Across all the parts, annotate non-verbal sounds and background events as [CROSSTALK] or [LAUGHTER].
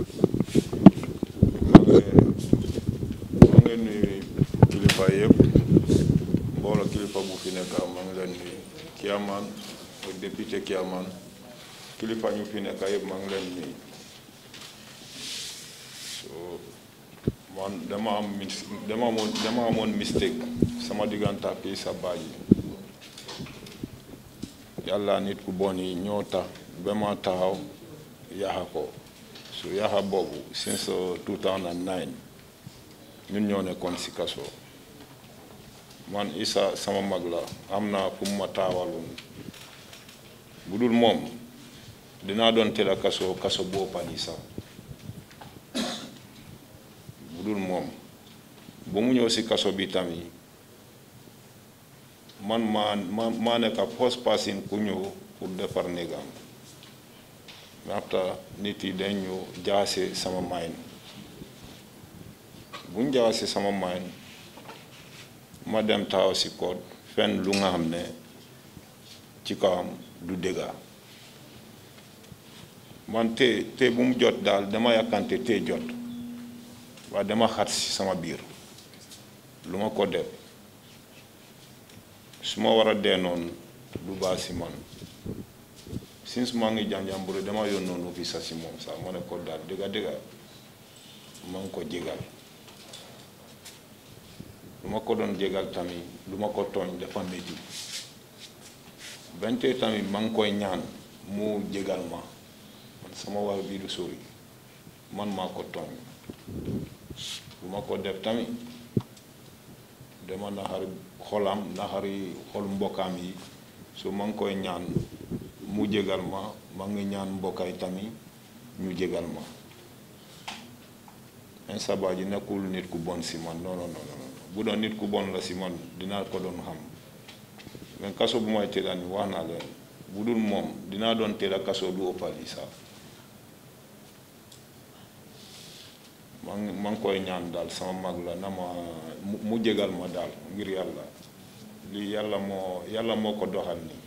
ma ngi leen kilifa yëpp mbooloo kilifa bu fi nekk ma kiaman ak kiaman kilifa ñu fi nekk yëpp ma ngi leen nuyu man dama am mis dama mistake sama diggante ak Issa Badji yàlla nit ku bon yi ñoo tax ba ma taxaw so yaxa boobu since 2009 ñun ñoo nekkoon si kaso man Issa sama mag la am na ku ma taawaloon bu dul moom dinaa doon teel a kaso kaso boo pani sax bu dul moom ba mu ñëw si kaso bi tamit man maa maa nekk a post ku ñëw pour defar néegam ndaxte nit yi dañu jaase sama bu buñ jaase sama maayin ma dem taxaw si koot fenn lu nga xam ne ci kawam du dégga man te te bu mu jot daal dama yàkkante te jot waaye dama xat sama biir lu ma ko def su ma war a dee noonu du baax si man since mangi janjam dema dama yon non ofisa mom sa mo ne ko dal dega dega man ko jegal luma ko don jegal tami luma ko togn dafa metti bente tami mangko koy ñaan mu jegal ma man sama war bi du sori man ma ko togn luma ko def tami dama nahari xolam nahari xol mbokam yi so man koy ñaan mu jégal ma ma ngi ñaan mbokkaay tamit ñu jégal ma Insa nekkul nit ku bon si man non non non bu doon nit ku bon la si man dinaa ko doon xam mais kaso bu may tëdda ni wax naa leen bu dul moom dinaa doon tëdda kaso du ëppal yi sax ma ma ngi koy ñaan daal sama mag la na ma mu jégal ma daal ngir yàlla li yàlla moo yàlla moo ko doxal nii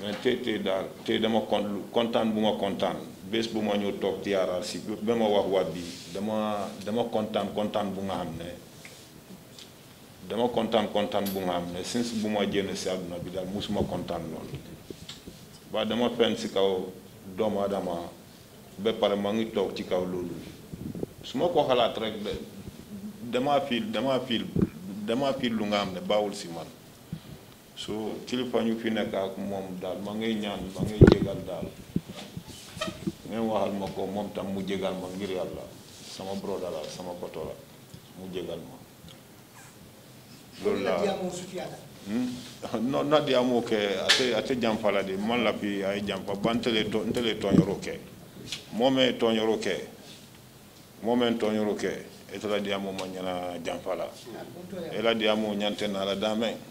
mais tey tey daal tey dama kon kontaan bu ma kontaan bés bu ma ñëw toog ci RRC bi ba ma wax waat bi dama dama kontaan bu nga xam ne dama kontaan kontaan bu nga ne since bu ma génn si àdduna bi daal musuma kontaan loolu ba dama fen si kaw doomu aadama ba pare ma ngi toog ci kaw loolu su ma ko xalaat rek dama fiil dama fiil dama fiil lu nga xam ne baawul si man so kilifa ñu fi nekk ak moom daal ma ngay ñaan ma ngay jégal daal même waxal ma ko moom tam mu jégal ma ngir yàlla sama broda la sama koto la mu jégal ma loolu laa no nadiamo hmm? ke ate ate jampa la de man fi ay jampa ba ntele to ntele toñoro ke mome toñoro ke mome toñoro ke di e diamo ma ñana jampa la di diamo e ñante na la dame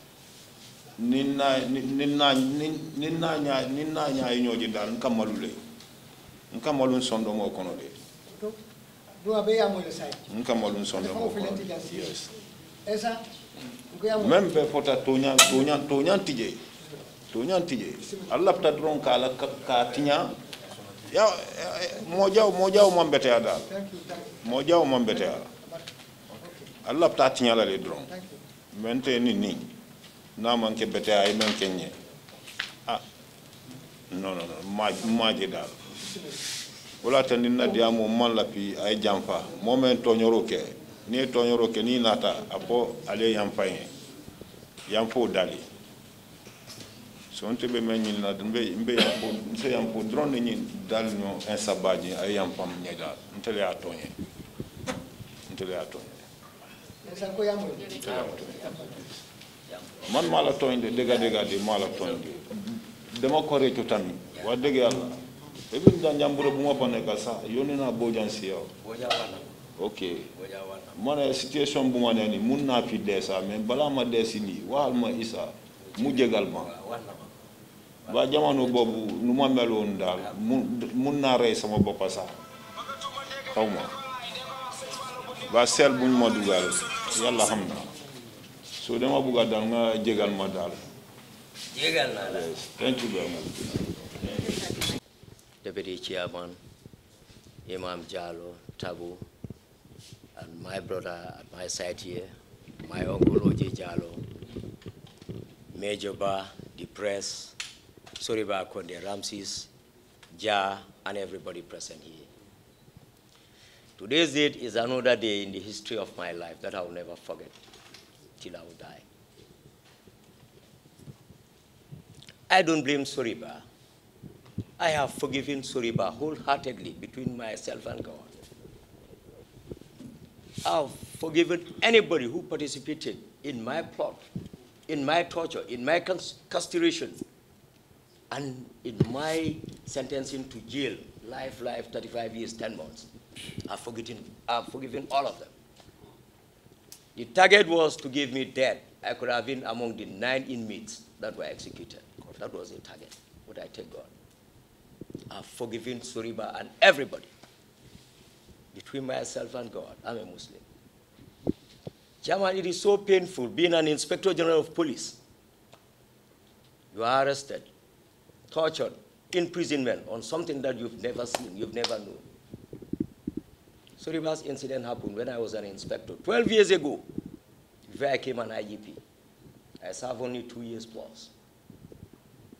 ni naa ni naa ni naa ñaa ni naa ñaa yi ñoo ji daal nka malu le nka malu sondomoo kono de nka malu sondomoo kono de yes même be fota toña toña toña tije toña tije allah ta dron ka la ka tiña ya mo jaw mo jaw mo mbete ya dal mo jaw mo mbete ya allah ta tiña la le dron mente ni ni naamo anke bete ay men kenye ah non non non ma maaje dal wala tan din nadi amo man la pi ay jamfa momen toñoro ke ni toñoro ke ni nata apo ale yam fayen yam fo dali sonte be men n'i na dum be mbe yam fo se yam fo drone ñin dal ño insabaji ay yam fam ñe dal ntele a toñe ntele a toñe ko yam ntele a toñe man maa la tooñ de dégga dégga de maa la tooñ de dama ko réccu tamit wax dëgg yàlla e bi bu ma fa nekk sax yónnee naa Bodian si yow ok ma ne situation bu ma ne nii mun naa fi dee sax mais balaa ma dee si nii waxal ma Isa mu jégal ma waa jamono boobu nu ma meloon daal mu mun naa rey sama boppa sax xaw ma waa seel buñ ma dugal yàlla xam na So then Abu Gadanga Jegal Madal. Jegal Madal. Thank you very much. Deputy Chairman, Imam Jalo, Tabu, and my brother at my side here, my uncle Oji Jalo, Major Ba, Depress, press, Soriba Konde Ramses, Ja, and everybody present here. Today's date is another day in the history of my life that I will never forget. I would die. I don't blame Soriba. I have forgiven Soriba wholeheartedly between myself and God. I've forgiven anybody who participated in my plot, in my torture, in my castration, and in my sentencing to jail, life, life, 35 years, 10 months. I've forgiven, I've forgiven all of them. The target was to give me death. I could have been among the nine inmates that were executed. That was the target. Would I take God? I've forgiven Suriba and everybody. Between myself and God, I'm a Muslim. Chairman, it is so painful being an inspector general of police. You are arrested, tortured, imprisonment on something that you've never seen, you've never known. So the last incident happened when I was an inspector 12 years ago, before I came an IGP. I served only two years plus.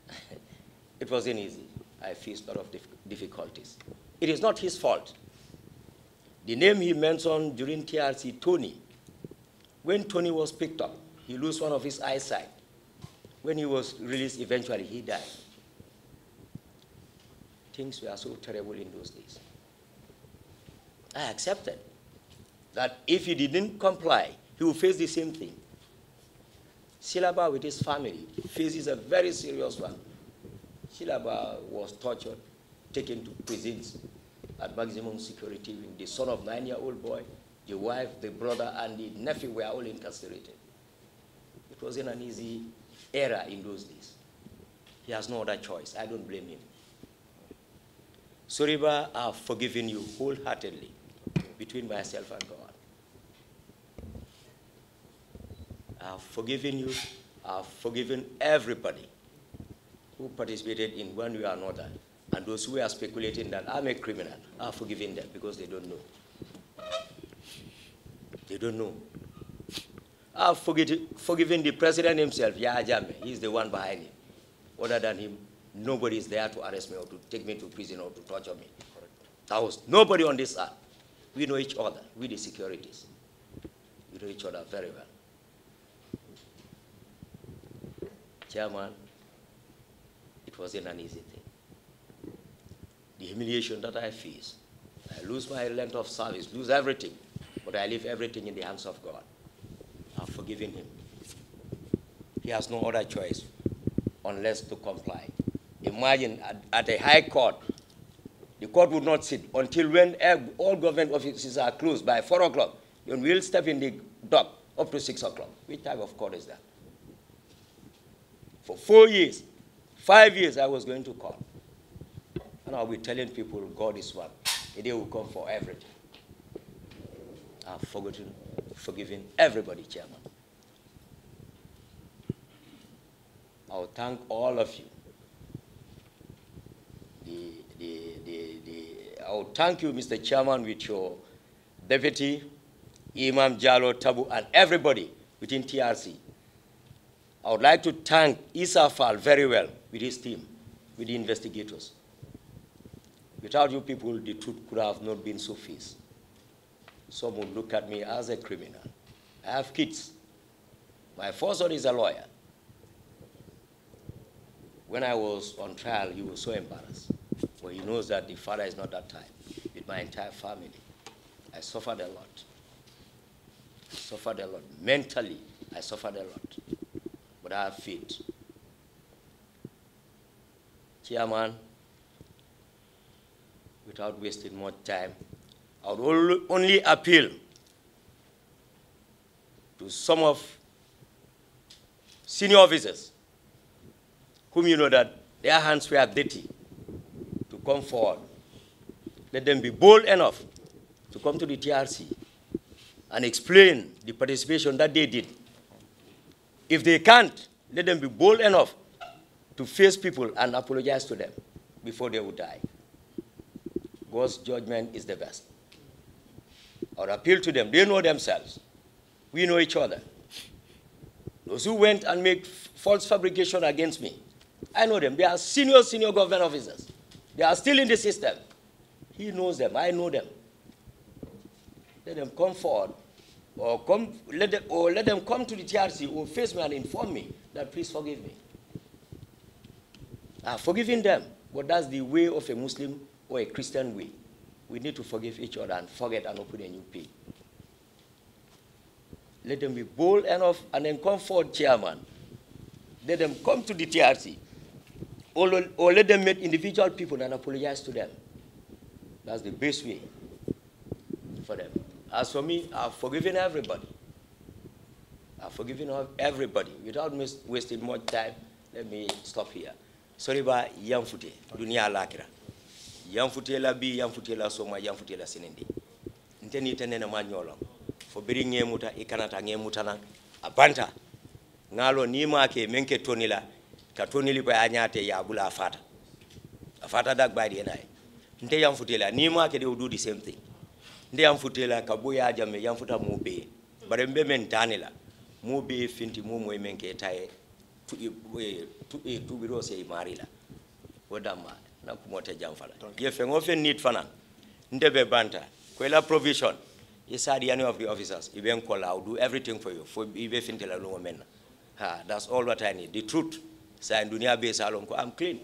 [LAUGHS] it wasn't easy. I faced a lot of difficulties. It is not his fault. The name he mentioned during TRC, Tony, when Tony was picked up, he lost one of his eyesight. When he was released, eventually he died. Things were so terrible in those days. I accepted that if he didn't comply, he will face the same thing. Silaba with his family faces a very serious one. Silaba was tortured, taken to prisons at maximum security. The son of nine-year-old boy, the wife, the brother, and the nephew were all incarcerated. It was an easy era in those days. He has no other choice. I don't blame him. Soriba, I've forgiven you wholeheartedly between myself and God. I've forgiven you. I've forgiven everybody who participated in one way or another. And those who are speculating that I'm a criminal, I've forgiven them because they don't know. They don't know. I've forgiven the president himself, Yahya Jammeh. He's the one behind him. Other than him, nobody is there to arrest me or to take me to prison or to torture me. That was nobody on this earth. We know each other, we the securities. We know each other very well. Chairman, it wasn't an easy thing. The humiliation that I face, I lose my length of service, lose everything, but I leave everything in the hands of God. I've forgiven him. He has no other choice unless to comply. Imagine at, at a high court, court would not sit until when all government offices are closed by 4 o'clock. Then we'll step in the dock up to 6 o'clock. Which type of court is that? For four years, five years, I was going to court. And I'll be telling people God is one. A day will come for everything. I've forgotten, forgiven everybody, Chairman. I'll thank all of you. The the, the, the, i would thank you, Mr. Chairman, with your deputy, Imam Jalo Tabu, and everybody within TRC. I would like to thank Isafal very well with his team, with the investigators. Without you people, the truth could have not been so fierce. Some would look at me as a criminal. I have kids. My first son is a lawyer. When I was on trial, he was so embarrassed he knows that the father is not that type. With my entire family, I suffered a lot. I suffered a lot. Mentally, I suffered a lot. But I have faith. Chairman, without wasting more time, I would only appeal to some of senior officers whom you know that their hands were dirty come forward. Let them be bold enough to come to the TRC and explain the participation that they did. If they can't, let them be bold enough to face people and apologize to them before they will die. God's judgment is the best. Our appeal to them, they know themselves. We know each other. Those who went and made false fabrication against me, I know them. They are senior, senior government officers. They are still in the system. He knows them. I know them. Let them come forward or, come, let them, or let them come to the TRC or face me and inform me that please forgive me. I've ah, forgiven them, but that's the way of a Muslim or a Christian way. We need to forgive each other and forget and open a new page. Let them be bold enough and then come forward, chairman. Let them come to the TRC or, or let them meet individual people and apologize to them. That's the best way for them. As for me, I've forgiven everybody. I've forgiven everybody. Without wasting more time, let me stop here. Sorry about yamfute dunia lakira. Yamfute la bi yamfute la soma yamfute la sinende. Nteni tene na manyolo. Fobiri muta, ikanata ngemuta na abanta. Ngalo ni ke menke tonila tatoni ko ya nyate ya bula afata afata dak baidi nae. nte ya mfutela, ni mwa kede udu the same thing nte ya mfutela, kabu ya jame ya mfuta mube. bare mbe mentane la, mube finti mumu ime men ke tu biro se imari la ma, na kumote jamfala ye fengo fen need fana nte be banta ko la provision ye sadi any of the officers ibe nkola, i'll do everything for you ibe even fintela lungo mena ha that's all what i need the truth sa duniya be salon ko am clean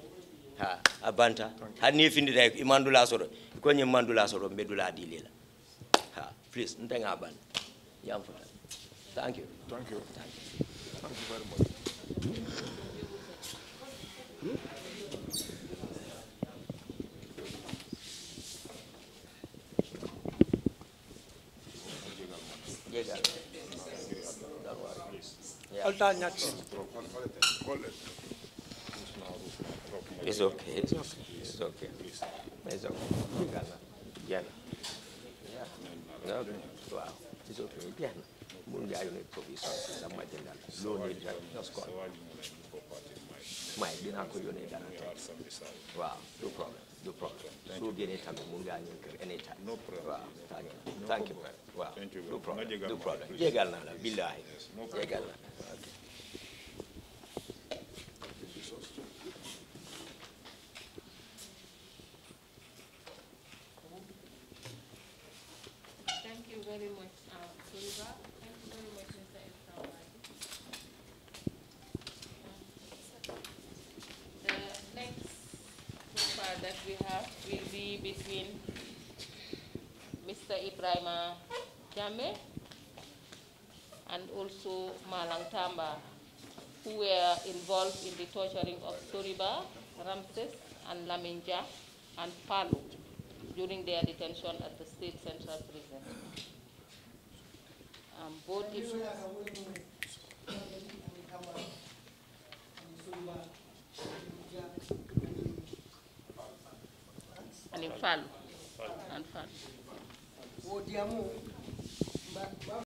ha abanta banta hanni findita e mandula soto koñe mandula soto mbeddula di lela ha please ntenga ban yam fota thank you thank you thank you thank you very much Alta nyatsi. It's okay. It's okay. It's okay. It's okay. Jeex na jeex na waaw it's okay jeex na mun ngaa yónnee provision sama jëndal loo ne dara just call may dinaa ko yónnee dara tey waaw no problem no problem soo génnee tamit mun ngaa ñëw kër anytime waaw thank you thank you waaw no problem no problem jégal naa la billaahi jégal naa very much, um, Thank you very much, Mr. The next profile that we have will be between Mr. Ibrahima Jame and also Malang Tamba, who were involved in the torturing of Soriba, Ramses, and Laminja, and Palu during their detention at the state central prison. Um, both issues. And in Fal. And